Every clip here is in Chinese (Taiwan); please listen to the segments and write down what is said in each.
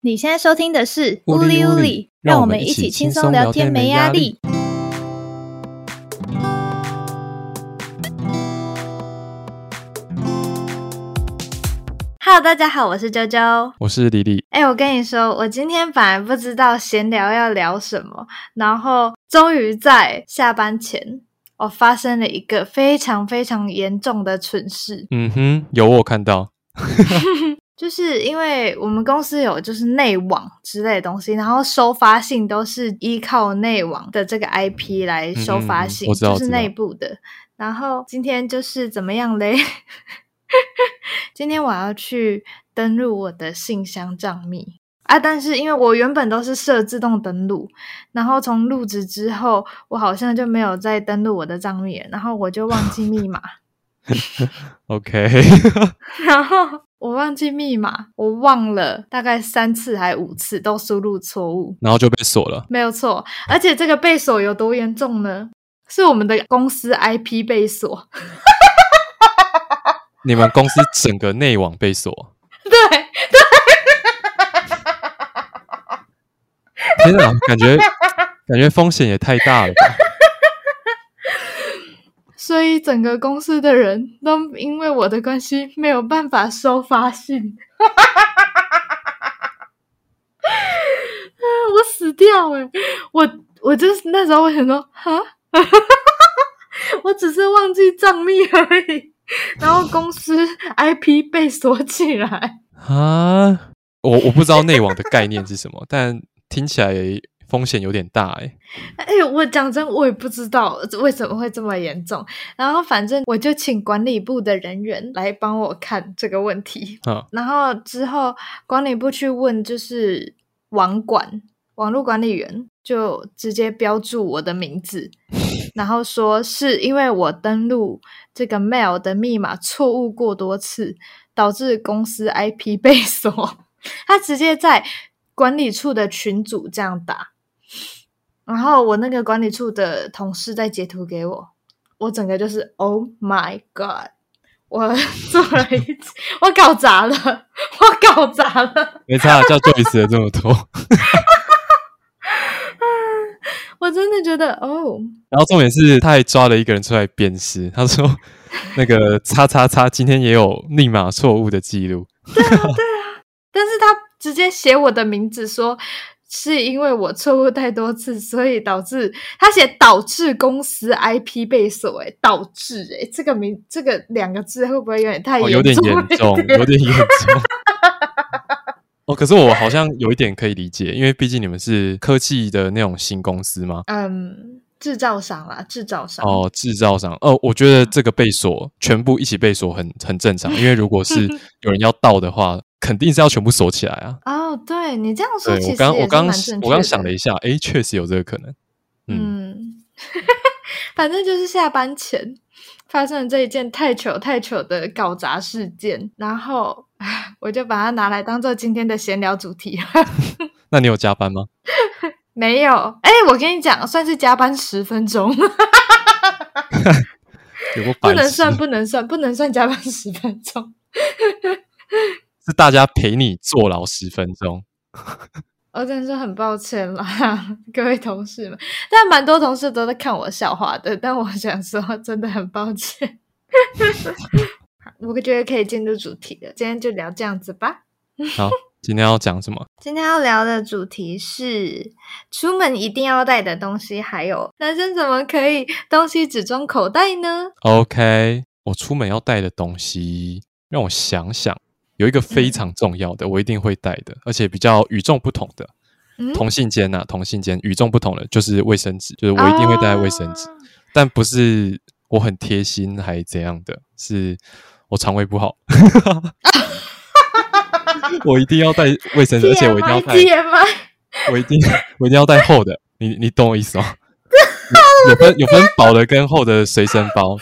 你現在收聽的是 WuLi WuLi 讓我們一起輕鬆聊天沒，聊天沒壓力。Hello，大家好，我是 JoJo，我是李李。哎、欸，我跟你說，我今天本來不知道閒聊要聊什麼，然後終於在下班前，我發生了一個非常非常嚴重的蠢事。嗯哼，有我看到。 就是因為我們公司有就是內網之類的東西，然後收发信都是依靠內網的這個 IP 來收发信、嗯嗯，就是內部的。然後今天就是怎麼樣嘞？ 今天我要去登錄我的信箱賬密啊！但是因為我原本都是設自動登錄，然後從入職之後，我好像就沒有再登錄我的賬密了，然後我就忘記密碼。 OK， 然後。我忘記密碼，我忘了，大概三次還是五次都輸入錯誤，然後就被鎖了。沒有錯，而且這個被鎖有多嚴重呢？是我們的公司 IP 被鎖， 你們公司整個內網被鎖。 對，對， 天哪，感覺感覺風險也太大了吧。所以整個公司的人都因為我的關係沒有辦法收發信，啊， 我死掉了，欸，我我就是那時候我想說，哈 我只是忘記賬密而已，然後公司 IP 被鎖起來哈、啊、我我不知道內網的概念是什麼， 但聽起來。風險有點大。欸。哎呦，我講真，我也不知道為什麼會這麼嚴重。然後反正我就請管理部的人員來幫我看這個問題。啊，然後之後管理部去問就是網管、網絡管理員，就直接標注我的名字， 然後說是因為我登錄這個 mail 的密碼錯誤過多次，導致公司 IP 被鎖。 他直接在管理處的群組這樣打。然後我那個管理處的同事在截圖給我，我整個就是 Oh my God！我做了一次， 我搞砸了，我搞砸了，沒差，叫坐一次的這麼多。 我真的覺得哦、oh。然後重點是他還抓了一個人出來辨識，他說那個叉叉叉今天也有密碼錯誤的記錄 對、啊。對啊，但是他直接寫我的名字說。是因為我錯誤太多次，所以導致他寫導致公司 IP 被鎖，欸，哎，導致哎、欸，這個名這個兩個字會不會有點太有點嚴重、哦，有點嚴重。嚴重 哦，可是我好像有一點可以理解，因為畢竟你們是科技的那種新公司嘛？嗯，製造商啦、啊，製造商。哦，製造商，呃、哦，我覺得這個被鎖，嗯、全部一起被鎖很，很很正常，因為如果是有人要盜的話。 肯定是要全部鎖起來啊！哦、oh，對你這樣說，其實我剛我剛我剛，我剛想了一下，哎，確實有這個可能。嗯， 反正就是下班前發生了這一件太糗太糗的搞砸事件，然後我就把它拿來當做今天的閒聊主題。 那你有加班嗎？ 沒有。哎，我跟你講，算是加班十分鐘。 有不，白 不能算，不能算，不能算加班十分鐘。 是大家陪你坐牢十分鐘，我、哦、真的很抱歉啦，各位同事們。但蠻多同事都在看我笑話的。但我想說，真的很抱歉。 我覺得可以進入主題了，今天就聊這樣子吧。好，今天要講什麼？ 今天要聊的主題是出門一定要帶的東西，還有男生怎麼可以東西只裝口袋呢？OK，我出門要帶的東西，讓我想想。有一個非常重要的、嗯，我一定會帶的，而且比較與眾不同的，同性間吶，同性間與、啊、眾不同的就是衛生紙，就是我一定會帶衛生紙，啊、但不是我很貼心還怎樣的，是我腸胃不好， 我一定要帶衛生紙，而且我一定要帶， 我一定我一定要帶厚的，你你懂我意思嗎、哦？ 有分有分薄的跟厚的隨身包，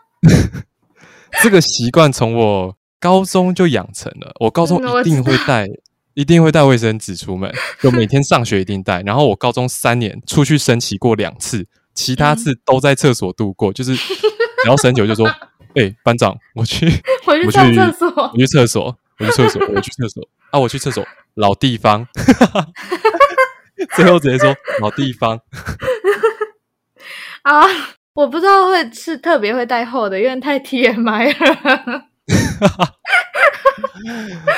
這個習慣從我高中就養成了，我高中一定會帶、嗯，一定會帶衛生紙出門，就每天上學一定帶。 然後我高中三年出去升旗過兩次，其他次都在廁所度過、嗯。就是，然後升旗就說：“哎、 欸，班長，我去，我去上廁所，我去廁所，我去廁所，我去廁所， 啊，我去廁所， 老地方。 ”最後直接說：“老地方。”啊，我不知道會是特別會帶厚的，因為太 T M I 了。 哈哈，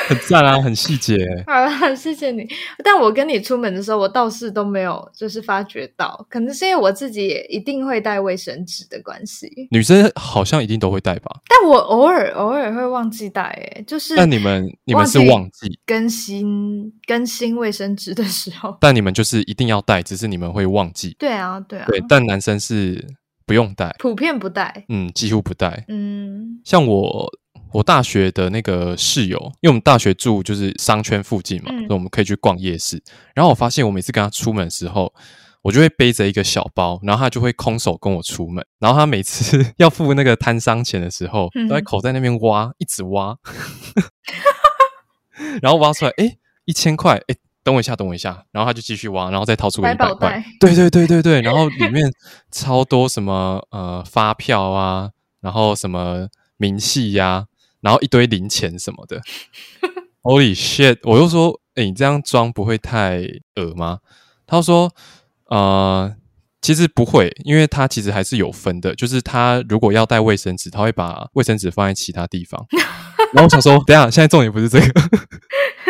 很贊啊，很細節。好了，謝謝你。但我跟你出門的時候，我倒是都沒有，就是發覺到，可能是因為我自己也一定會帶衛生紙的關係。女生好像一定都會帶吧？但我偶爾偶爾會忘記帶、欸，哎，就是。但你們你們是忘記更新更新衛生紙的時候？但你們就是一定要帶，只是你們會忘記。對啊，對啊。對，但男生是不用帶，普遍不帶，嗯，幾乎不帶，嗯，像我。我大學的那個室友，因為我們大學住就是商圈附近嘛，嗯，所以我們可以去逛夜市。然後我發現我每次跟他出門的時候，我就會背着一個小包，然後他就會空手跟我出門。然後他每次要付那個攤商錢的時候，嗯，都在口袋那邊挖，一直挖， 然後挖出來，哎，欸，一千塊，哎，欸，等我一下，等我一下。然後他就繼續挖，然後再掏出一百塊，對對對對對。 然後裡面超多什麼呃發票啊，然後什麼明細呀。然後一堆零錢什麼的 ，Holy shit！我就說，誒、欸、你這樣裝不會太噁嗎？他說，呃，其實不會，因為他其實還是有分的，就是他如果要帶衛生紙，他會把衛生紙放在其他地方。 然後我想說，等一下，現在重點不是這個，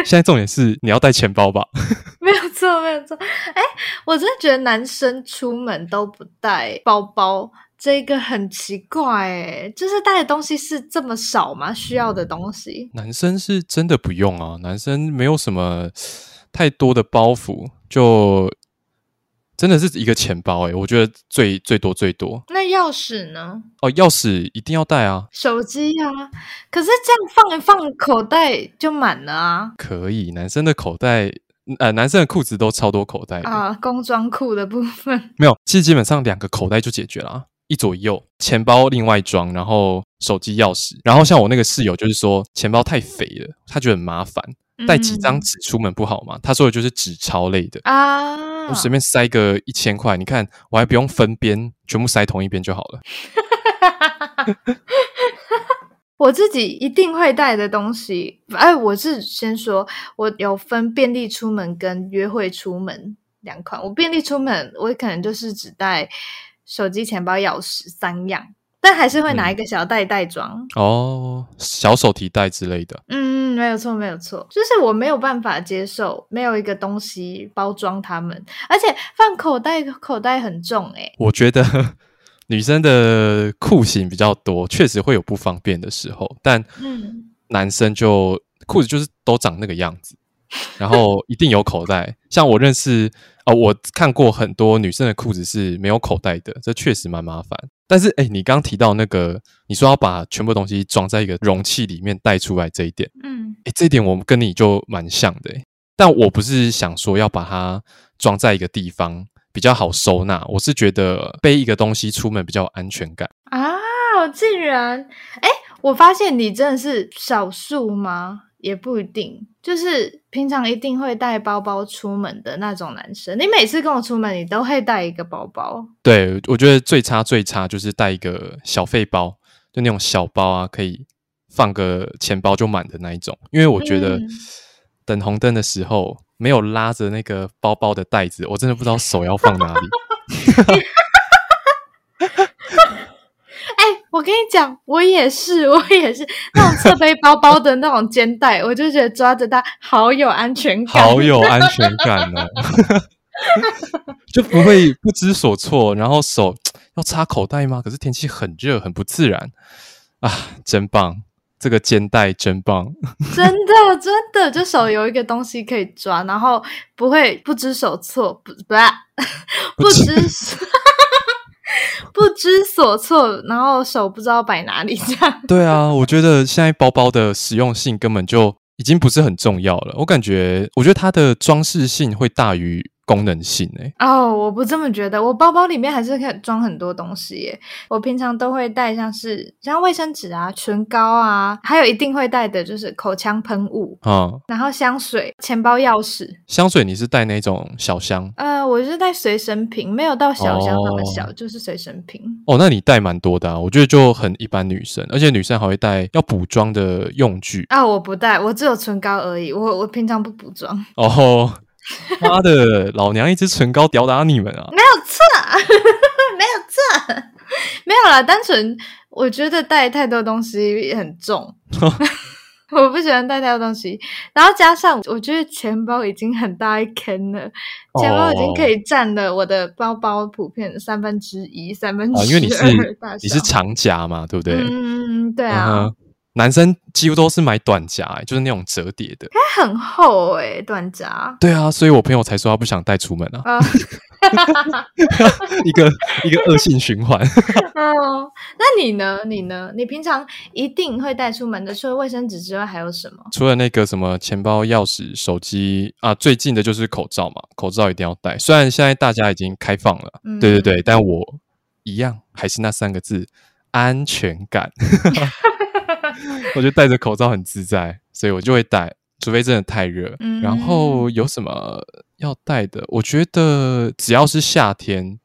現在重點是你要帶錢包吧？ 沒有錯，沒有錯。誒我真的覺得男生出門都不帶包包。這個很奇怪、欸、就是帶的東西是這麼少嗎？需要的東西、嗯，男生是真的不用啊，男生沒有什麼太多的包袱，就真的是一個錢包誒、欸、我覺得最最多最多。那鑰匙呢？哦，鑰匙一定要帶啊，手機啊，可是這樣放一放口袋就滿了啊。可以，男生的口袋，呃，男生的褲子都超多口袋啊、呃，工裝褲的部分沒有，其實基本上兩個口袋就解決了啊。一左右，錢包另外裝，然後手機鑰匙，然後像我那個室友就是說錢包太肥了，他覺得很麻煩、嗯，帶幾張紙出門不好嗎？他說的就是紙鈔類的啊，我隨便塞個一千塊，你看我還不用分邊，全部塞同一邊就好了。 我自己一定會帶的東西，哎，我是先說，我有分便利出門跟約會出門兩款，我便利出門，我可能就是只帶。手機、錢包、鑰匙三樣，但還是會拿一個小袋袋裝、嗯、哦，小手提袋之類的。嗯，沒有錯，沒有錯，就是我沒有辦法接受，沒有一個東西包裝它們，而且放口袋，口袋很重哎、欸。我覺得女生的褲型比較多，確實會有不方便的時候，但嗯，男生就褲子就是都長那個樣子，然後一定有口袋。 像我認識。哦，我看過很多女生的褲子是沒有口袋的，這確實蠻麻煩。但是，哎，你剛提到那個，你說要把全部東西裝在一個容器裡面帶出來這一點，嗯，哎，這一點我跟你就蠻像的。但我不是想說要把它裝在一個地方比較好收納，我是覺得背一個東西出門比較有安全感啊、哦！竟然，哎，我發現你真的是少數嗎？也不一定，就是平常一定會帶包包出門的那種男生。你每次跟我出門，你都會帶一個包包。對，我覺得最差最差就是帶一個小廢包，就那種小包啊，可以放個錢包就滿的那一種。因為我覺得、嗯、等紅燈的時候沒有拉着那個包包的袋子，我真的不知道手要放哪裡。 我跟你講，我也是，我也是那種側背包包的那種肩帶， 我就覺得抓着它好有安全感，好有安全感呢、哦 就不會不知所措。然後手要插口袋嗎？可是天氣很熱，很不自然啊！真棒，這個肩帶真棒， 真的真的，就手有一個東西可以抓，然後不會不知所措，不不、啊、不知所。 不知所措，然後手不知道擺哪裡，這樣。 對啊，我覺得現在包包的實用性根本就已經不是很重要了。我感覺，我覺得它的裝飾性會大於。功能性哎、欸，哦、oh,，我不這麼覺得。我包包裡面還是可以裝很多東西耶。我平常都會帶像是像衛生紙啊、唇膏啊，還有一定會帶的就是口腔噴霧啊、哦，然後香水、錢包、鑰匙。香水你是帶那種小香？呃，我是帶隨身瓶，沒有到小香那麼小，oh、就是隨身瓶。哦、oh,，那你帶蠻多的，啊。我覺得就很一般女生，而且女生還會帶要補妝的用具啊。Oh, 我不帶，我只有唇膏而已。我我平常不補妝。哦、oh.。 媽的老娘一支唇膏屌打你們啊！ 沒有錯，沒有錯，沒有啦。單純我覺得帶太多東西也很重， 我不喜歡帶太多東西。然後加上我覺得錢包已經很大一坑了，錢、oh. 包已經可以占了我的包包普遍三分之一、三分之一、oh,。因為你是你是長夾嘛，對不對？嗯嗯嗯，對啊。Uh -huh. 男生幾乎都是買短夾、欸，就是那種折疊的，很厚，欸、短夾。對啊，所以我朋友才說他不想帶出門啊。哦、 一個一個惡性循環 哦。那你呢？你呢？你平常一定會帶出門的，除了衛生紙之外還有什麼？除了那個什麼錢包、鑰匙、手機啊，最近的就是口罩嘛，口罩一定要帶。雖然現在大家已經開放了，嗯，對對對，但我一樣還是那三個字，安全感。 我覺得戴着口罩很自在，所以我就會戴，除非真的太熱。嗯、然後有什麼要帶的，我覺得只要是夏天，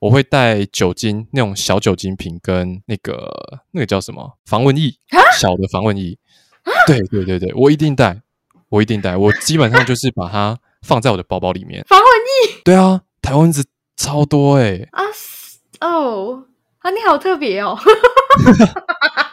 我會帶酒精那種小酒精瓶跟那個那個叫什麼防蚊液，啊，小的防蚊液。啊、對對對對，我一定帶，我一定帶。我基本上就是把它放在我的包包裡面。防蚊液？對啊，台灣蚊子超多哎、欸。啊哦啊，你好特別哦。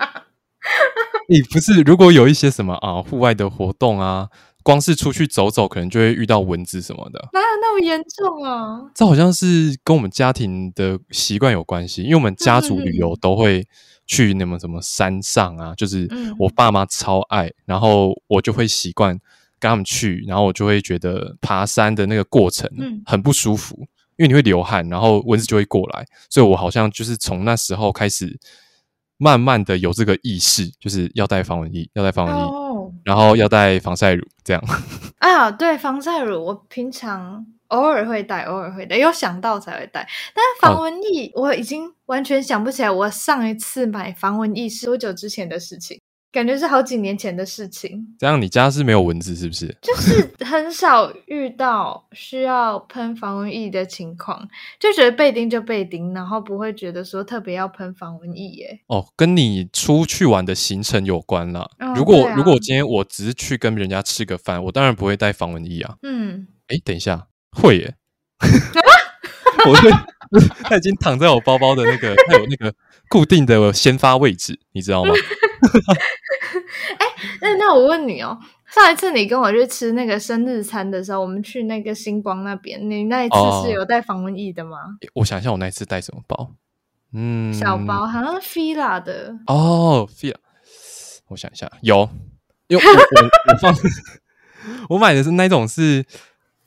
你、 欸、不是，如果有一些什麼啊，戶外的活動啊，光是出去走走，可能就會遇到蚊子什麼的。哪有那麼嚴重啊？這好像是跟我們家庭的習慣有關係，因為我們家族旅遊都會去那麼什麼山上啊，就是我爸媽超愛、嗯，然後我就會習慣跟他們去，然後我就會覺得爬山的那個過程很不舒服，嗯、因為你會流汗，然後蚊子就會過來，所以我好像就是從那時候開始。慢慢的有這個意識，就是要帶防蚊液，要帶防蚊液，oh. 然後要帶防曬乳，這樣。 啊，對，防曬乳我平常偶爾會帶，偶爾會帶，有想到才會帶。但是防蚊液、啊、我已經完全想不起來我上一次買防蚊液是多久之前的事情。感覺是好幾年前的事情。這樣，你家是沒有蚊子是不是？就是很少遇到需要噴防蚊液的情況， 就覺得被叮就被叮，然後不會覺得說特別要噴防蚊液耶。哦，跟你出去玩的行程有關啦。哦、如果、啊、如果我今天我只是去跟人家吃個飯，我當然不會帶防蚊液啊。嗯。哎、欸，等一下，會耶。我對，他已經躺在我包包的那個，他有那個固定的先發位置， 你知道嗎？ 哎、 欸，那那我問你哦，上一次你跟我去吃那個生日餐的時候，我們去那個星光那邊，你那一次是有帶防蚊液的嗎、哦？我想一下，我那一次帶什麼包？嗯，小包，好像是菲拉的。哦，菲拉，我想一下，有，因為我我我放 我買的是那種是、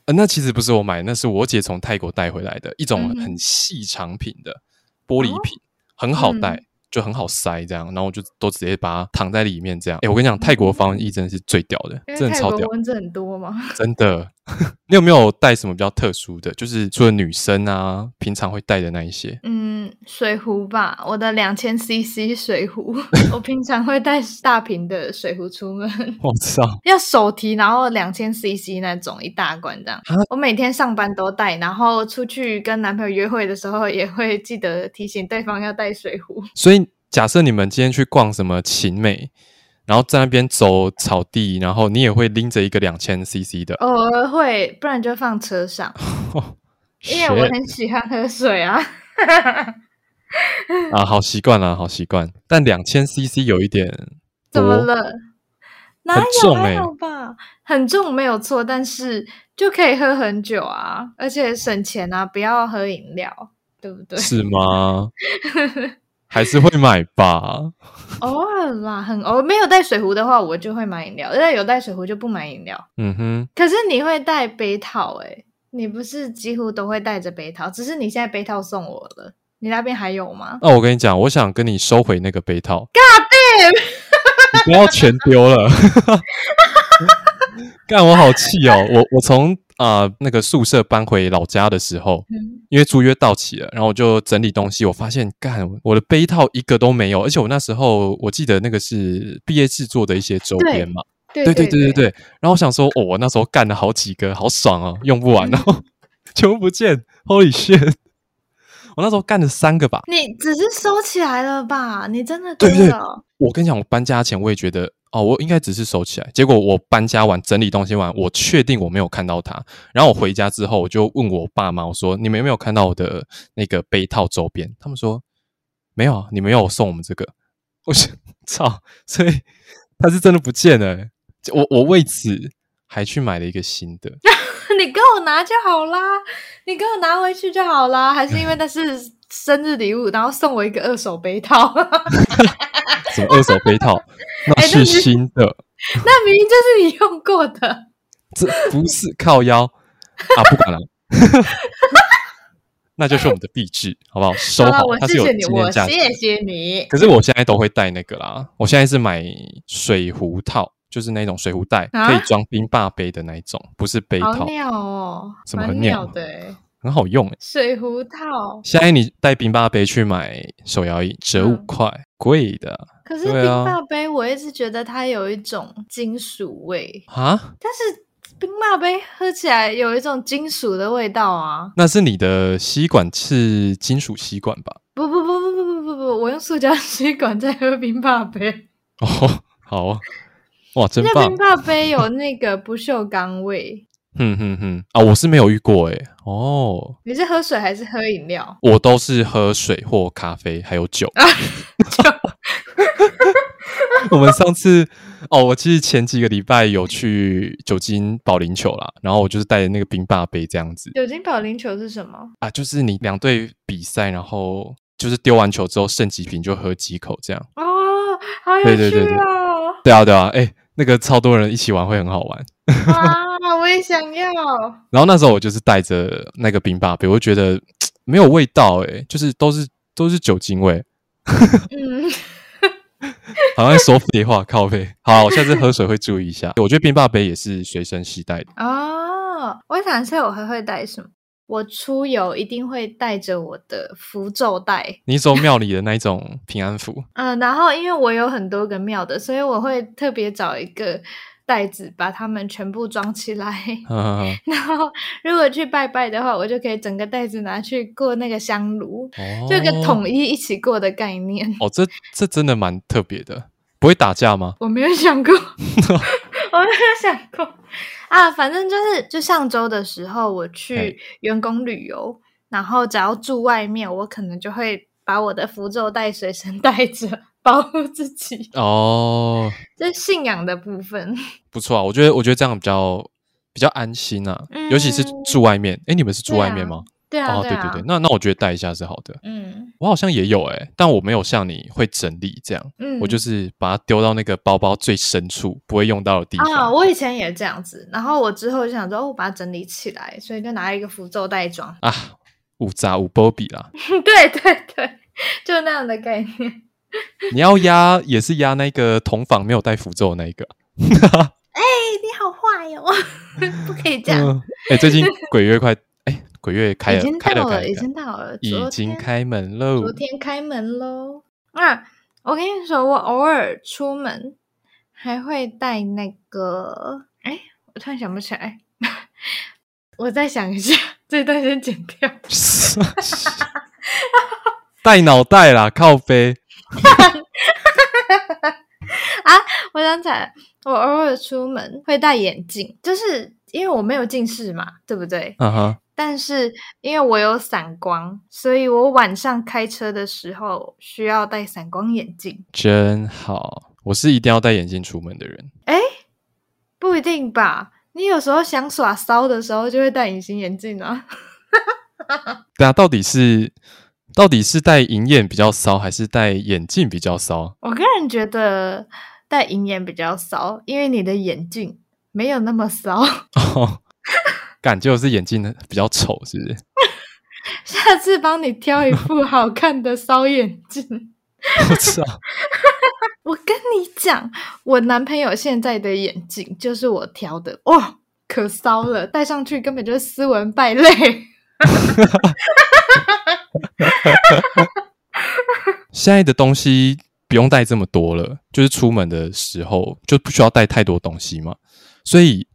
呃，那其實不是我買，那是我姐從泰國帶回來的一種很細長瓶的玻璃瓶、嗯哦，很好帶。嗯就很好塞這樣，然後我就都直接把它躺在裡面這樣。哎，我跟你講，泰國防蚊液真的是最屌的，真的超屌。因為泰國蚊子很多嘛，真的。 你有沒有帶什麼比較特殊的？就是除了女生啊，平常會帶的那一些。嗯，水壺吧，我的兩千 CC 水壺， 我平常會帶大瓶的水壺出門。我 操，要手提，然後兩千 CC 那種一大罐這樣，啊。我每天上班都帶，然後出去跟男朋友約會的時候也會記得提醒對方要帶水壺。所以假設你們今天去逛什麼勤美，然後在那邊走草地，然後你也會拎着一個兩千 CC 的，偶、哦、爾會，不然就放車上， 因為我很喜歡喝水啊。 啊，好習慣啊，好習慣。但兩千 CC 有一點，怎麼了、哦？哪有？沒、欸、有吧？很重，沒有錯，但是就可以喝很久啊，而且省錢啊，不要喝飲料，對不對？是嗎？ 還是會買吧，偶爾啦，很偶、哦、沒有帶水壺的話，我就會買飲料，那有帶水壺就不買飲料。嗯哼。可是你會帶杯套、欸，哎，你不是幾乎都會帶着杯套，只是你現在杯套送我了，你那邊還有嗎？那、啊、我跟你講，我想跟你收回那個杯套。God damn！ 你不要全丟了。 幹，我好氣哦！ 我我從。啊、呃，那個宿舍搬回老家的時候，嗯、因為租約到期了，然後我就整理東西，我發現幹我的杯套一個都沒有，而且我那時候我記得那個是畢業制作的一些周邊嘛，對對對對對，對，對，對，對對對對。然後我想說，哦，我那時候幹了好幾個，好爽哦、啊，用不完哦、嗯，全部不見，Holy shit。我那時候幹了三個吧，你只是收起來了吧？你真的？對對，我跟你講，我搬家前我也覺得。哦，我應該只是收起來。結果我搬家完整理東西完，我確定我沒有看到它。然後我回家之後，我就問我爸媽，我說你們有沒有看到我的那個杯套周邊？他們說沒有，你沒有送我們這個。我操！所以它是真的不見了。我我為此還去買了一個新的。 你給我拿就好啦，你給我拿回去就好啦，還是因為那是。 生日禮物，然後送我一個二手杯套。 什麼二手杯套？那是新的。那明明就是你用過的。這不是靠腰啊！不管了， 那就是我們的幣制，好不好？收好。它是有今天價值的。好，我謝謝你，我謝謝你。是，可是我現在都會帶那個啦。我現在是買水壺套，就是那種水壺袋、啊，可以裝冰霸杯的那一種，不是杯套。好尿哦、什麼很尿？對、欸。很好用誒、欸，水壺套。現在你帶冰霸杯去買手搖飲，折五塊，貴、嗯、的、啊。可是冰霸杯，我一直覺得它有一種金屬味啊。但是冰霸杯喝起來有一種金屬的味道啊。那是你的吸管是金屬吸管吧？不不不不不不不不，我用塑膠吸管在喝冰霸杯。哦，好，啊。哇，真棒。那冰霸杯有那個不鏽鋼味。 哼哼哼啊！我是沒有遇過誒、欸、哦，你是喝水還是喝飲料？我都是喝水或咖啡，還有酒、啊、 我們上次哦，我其實前幾個禮拜有去酒精保齡球啦，然後我就是帶著那個冰霸杯這樣子。酒精保齡球是什麼啊？就是你兩隊比賽，然後就是丟完球之後剩幾瓶就喝幾口這樣。哦、啊，好有趣啊、啊、對、對、對、對對。對啊對啊，哎、欸，那個超多人一起玩會很好玩。啊， 我也想要。 然後那時候我就是帶着那個冰霸杯，我就覺得沒有味道哎、欸，就是都是都是酒精味。 嗯，好像說廢話，靠背。好，我下次喝水會注意一下。 我覺得冰霸杯也是隨身攜帶的啊、哦。我想下我還會帶什麼？我出遊一定會帶着我的符咒帶 你說廟裡的那種平安符？嗯，然後因為我有很多個廟的，所以我會特別找一個。袋子，把它們全部裝起來呵呵呵，然後如果去拜拜的話，我就可以整個袋子拿去過那個香爐，哦，就一個統一一起過的概念。哦，這這真的蠻特別的，不會打架嗎？我沒有想過， 我沒有想過啊。反正就是，就上週的時候我去員工旅遊，然後只要住外面，我可能就會把我的符咒袋隨身帶着。保護自己哦，這、oh, 是信仰的部分。不錯啊，我覺得我覺得這樣比較比較安心啊、嗯，尤其是住外面。誒你們是住外面嗎？對啊，對啊、哦、對對對。對啊、那那我覺得帶一下是好的。嗯，我好像也有誒、欸，但我沒有像你會整理這樣。嗯，我就是把它丟到那個包包最深處，不會用到的地方、哦。我以前也這樣子，然後我之後就想說，哦、我把它整理起來，所以就拿一個符咒袋裝啊，五雜五波比啦。 對對對，就是那樣的概念。你要壓也是壓那個同房沒有帶符咒的那一個。哎、 欸，你好壞喲、哦！ 不可以這樣。哎、嗯欸，最近鬼月快哎、欸，鬼月開了，開了，已經到了，開了開開已經到了，已經開門嘍。昨天開門嘍。啊，我跟你說，我偶爾出門還會帶那個。哎、欸，我突然想不起來。 我再想一下，這段先剪掉。帶 腦 袋啦，靠背。哈哈哈哈哈！啊，我想起來，我偶爾出門會戴眼鏡，就是因為我沒有近視嘛，對不對？啊哈。但是因為我有散光，所以我晚上開車的時候需要戴散光眼鏡。真好，我是一定要戴眼鏡出門的人。哎、欸，不一定吧？你有時候想耍騷的時候，就會戴隱形眼鏡啊。哈哈哈哈哈！那到底是？到底是戴隱眼比較騷，還是戴眼鏡比較騷？我個人覺得戴隱眼比較騷，因為你的眼鏡沒有那麼騷。哦，感覺我是眼鏡比較醜，是不是？下次幫你挑一副好看的騷眼鏡。 我操！ 我跟你講，我男朋友現在的眼鏡就是我挑的，哇，哦，可騷了，戴上去根本就是斯文敗類。 哈哈哈！哈，現在的東西不用帶這麼多了，就是出門的時候就不需要帶太多東西嘛，所以。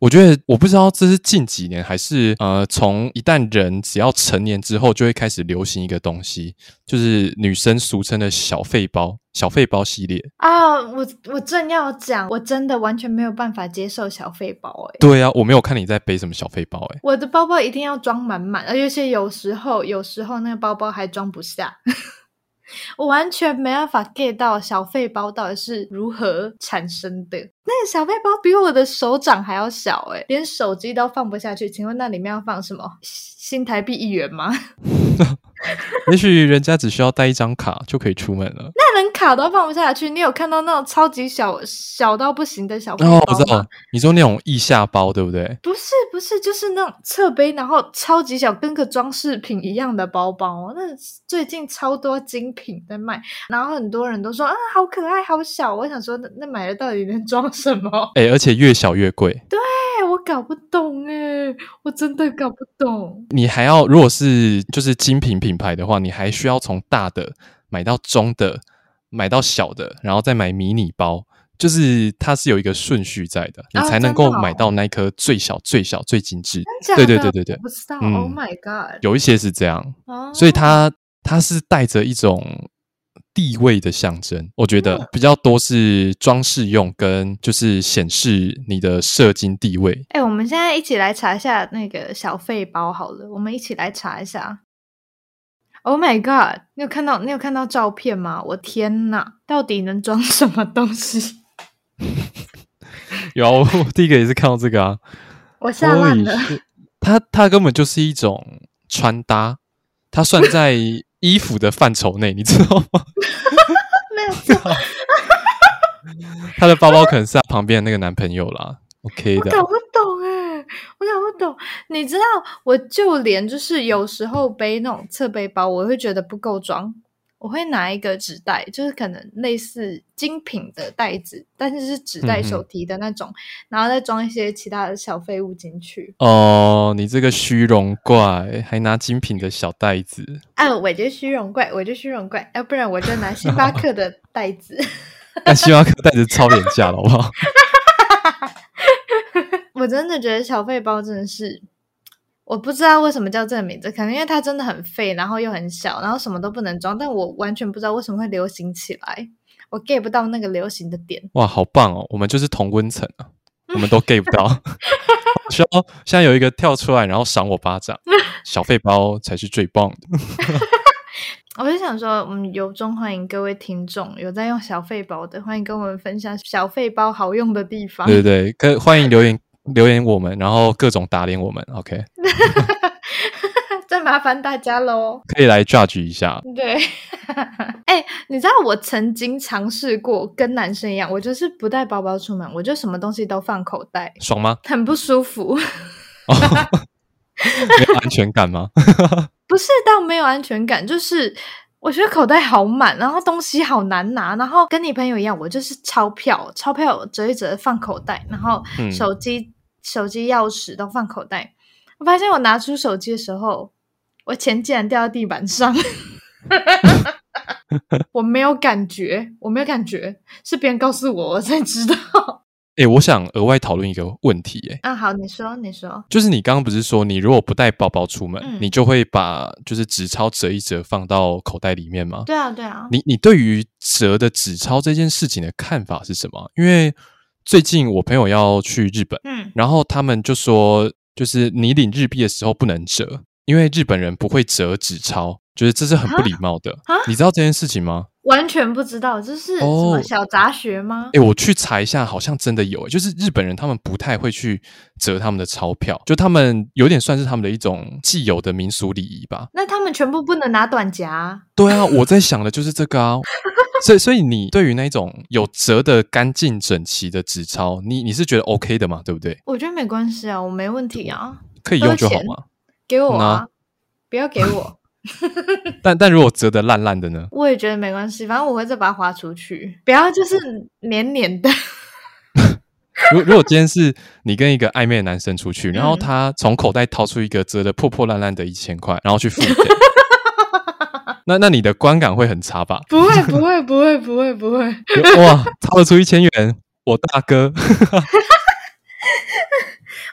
我覺得我不知道這是近幾年還是呃，從一旦人只要成年之後就會開始流行一個東西，就是女生俗稱的小廢包、小廢包系列啊。我我正要講，我真的完全沒有辦法接受小廢包欸。欸，對啊，我沒有看你在背什麼小廢包欸。欸，我的包包一定要裝滿滿，而且有時候有時候那個包包還裝不下。 我完全沒辦法 get 到小費包到底是如何產生的。那個小費包比我的手掌還要小欸，誒，連手機都放不下去。請問那裡面要放什麼？新台幣一元嗎？ 也許人家只需要帶一張卡就可以出門了。那連卡都放不下去，你有看到那種超級小小到不行的小包包嗎？哦不是、啊，你說那種腋下包對不對？不是不是，就是那種側背，然後超級小，跟個裝飾品一樣的包包、哦。那最近超多精品在賣，然後很多人都說啊、嗯，好可愛，好小。我想說那，那買的到底能裝什麼？哎、欸，而且越小越貴。 搞不懂哎、欸，我真的搞不懂。你還要，如果是就是精品品牌的話，你還需要從大的買到中的，的買到小的，然後再買迷你包，就是它是有一個順序在的，你才能夠買到那一顆最小、最小、最精緻、哦，真的哦。對對對對對，我不知道、嗯。Oh my god！有一些是這樣，啊、所以它它是帶着一種。地位的象徵，我覺得比較多是裝飾用，跟就是顯示你的社經地位。哎、嗯，欸，我們現在一起來查一下那個小廢包好了，我們一起來查一下。Oh my god！你有看到，你有看到照片嗎？我天哪，到底能裝什麼東西？ 有、啊我，我第一個也是看到這個啊。我嚇爛了。它它根本就是一種穿搭，它算在。 衣服的範疇內，你知道嗎？ 沒有。 他的包包可能是在旁邊那個男朋友啦。 OK 的。我搞不懂誒、欸、我搞不懂。你知道，我就連就是有時候背那種側背包，我會覺得不夠裝。我會拿一個紙袋，就是可能類似精品的袋子，但是是紙袋手提的那種、嗯，然後再裝一些其他的小廢物進去。哦，你這個虛榮怪，還拿精品的小袋子？哎、啊，我就虛榮怪，我就虛榮怪，要、啊、不然我就拿星巴克的袋子。那星巴克袋子超廉價了，好不好？我真的覺得小費包真的是。我不知道為什麼叫這個名字，可能因為它真的很廢，然後又很小，然後什麼都不能裝。但我完全不知道為什麼會流行起來，我 get 不到那個流行的點。哇，好棒哦！我們就是同溫層啊， 我們都 get 不到。需 要現在有一個跳出來，然後賞我巴掌。小廢包才是最棒的。 我就想說，嗯，由衷歡迎各位聽眾有在用小廢包的，歡迎跟我們分享小廢包好用的地方。對對對，歡迎留言。 留言我們，然後各種打臉我們，OK？ 再麻煩大家嘍，可以來 judge 一下。對，哎、 欸，你知道我曾經嘗試過跟男生一樣，我就是不帶包包出門，我就什麼東西都放口袋。爽嗎？很不舒服。 沒有安全感嗎？ 不是，倒沒有安全感，就是我覺得口袋好滿，然後東西好難拿，然後跟你朋友一樣，我就是鈔票，鈔票折一折放口袋，然後手機、嗯。手機、鑰匙都放口袋。我發現我拿出手機的時候，我錢竟然掉到地板上。 我沒有感覺，我沒有感覺，是別人告訴我，我才知道。哎、欸，我想額外討論一個問題、欸，啊，好，你說，你說。就是你剛剛不是說，你如果不帶包包出門、嗯，你就會把就是紙鈔折一折放到口袋裡面嗎？對啊，對啊。你你對於折的紙鈔這件事情的看法是什麼？因為。最近我朋友要去日本，嗯，然後他們就說，就是你領日幣的時候不能折，因為日本人不會折紙鈔，覺、就、得、是、這是很不禮貌的、啊啊。你知道這件事情嗎？完全不知道，這是什麼小雜學嗎？哎、哦欸，我去查一下，好像真的有，就是日本人他們不太會去折他們的鈔票，就他們有點算是他們的一種既有的民俗禮儀吧。那他們全部不能拿短夾、啊？對啊，我在想的就是這個啊。 所以，所以你對於那種有折的乾淨整齊的紙鈔，你你是覺得 OK 的嘛？對不對？我覺得沒關係啊，我沒問題啊，可以用就好嘛。給我嗎、啊嗯啊？不要給我。 但但如果折的爛爛的呢？我也覺得沒關係，反正我會再把它劃出去。不要就是黏黏的。如 如果今天是你跟一個曖昧的男生出去，然後他從口袋掏出一個折的破破爛爛的一千塊，然後去付。 那那你的觀感會很差吧？不會不會不會不會不會！不會不會不會 哇，超出一千元， 我大哥，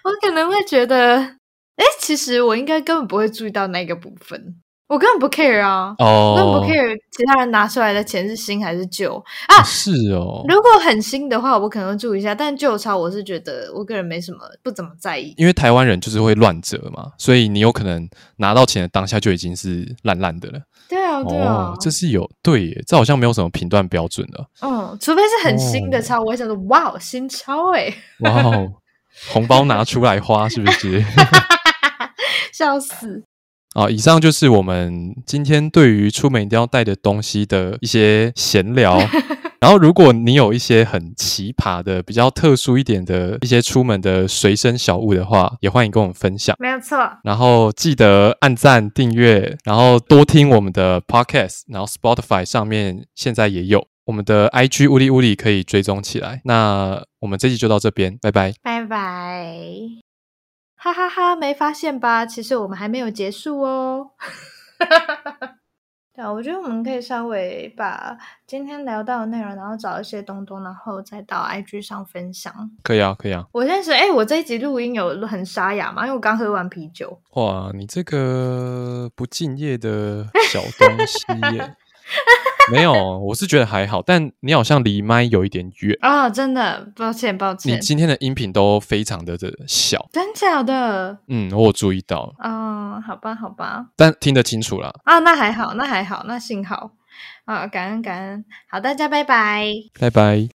我可能會覺得，哎，其實我應該根本不會注意到那個部分，我根本不 care 啊，oh. 我根本不 care 其他人拿出來的錢是新還是舊啊、哦？是哦，如果很新的話，我可能會注意一下，但舊鈔我是覺得我個人沒什麼不怎麼在意，因為台灣人就是會亂折嘛，所以你有可能拿到錢的當下就已經是爛爛的了，對。哦、啊，這是有對耶，這好像沒有什麼評斷標準的。哦，除非是很新的鈔、哦、我會想說，哇，新鈔哎、欸！哇， 紅包拿出來花 是不是？笑，笑死！好，以上就是我們今天對於出門一定要帶的東西的一些閒聊。 然後，如果你有一些很奇葩的、比較特殊一點的一些出門的隨身小物的話，也歡迎跟我們分享。沒有錯。然後記得按讚、訂閱，然後多聽我們的 Podcast。然後 Spotify 上面現在也有我們的 IG 嗚哩嗚哩可以追蹤起來。那我們這期就到這邊，拜拜拜拜！哈哈哈，沒發現吧？其實我們還沒有結束哦。哈哈哈哈哈。對啊，我覺得我們可以稍微把今天聊到的內容，然後找一些東東，然後再到 IG 上分享。可以啊，可以啊。我認識，哎、欸，我這一集錄音有很沙啞嗎？因為我剛喝完啤酒。哇，你這個不敬業的小東西。 沒有，我是覺得還好，但你好像離麥有一點遠啊、哦！真的，抱歉，抱歉，你今天的音頻都非常的的小，真假的？嗯，我有注意到啊、哦，好吧，好吧，但聽得清楚了啊、哦，那還好，那還好，那幸好啊、哦，感恩感恩，好，大家拜拜，拜拜。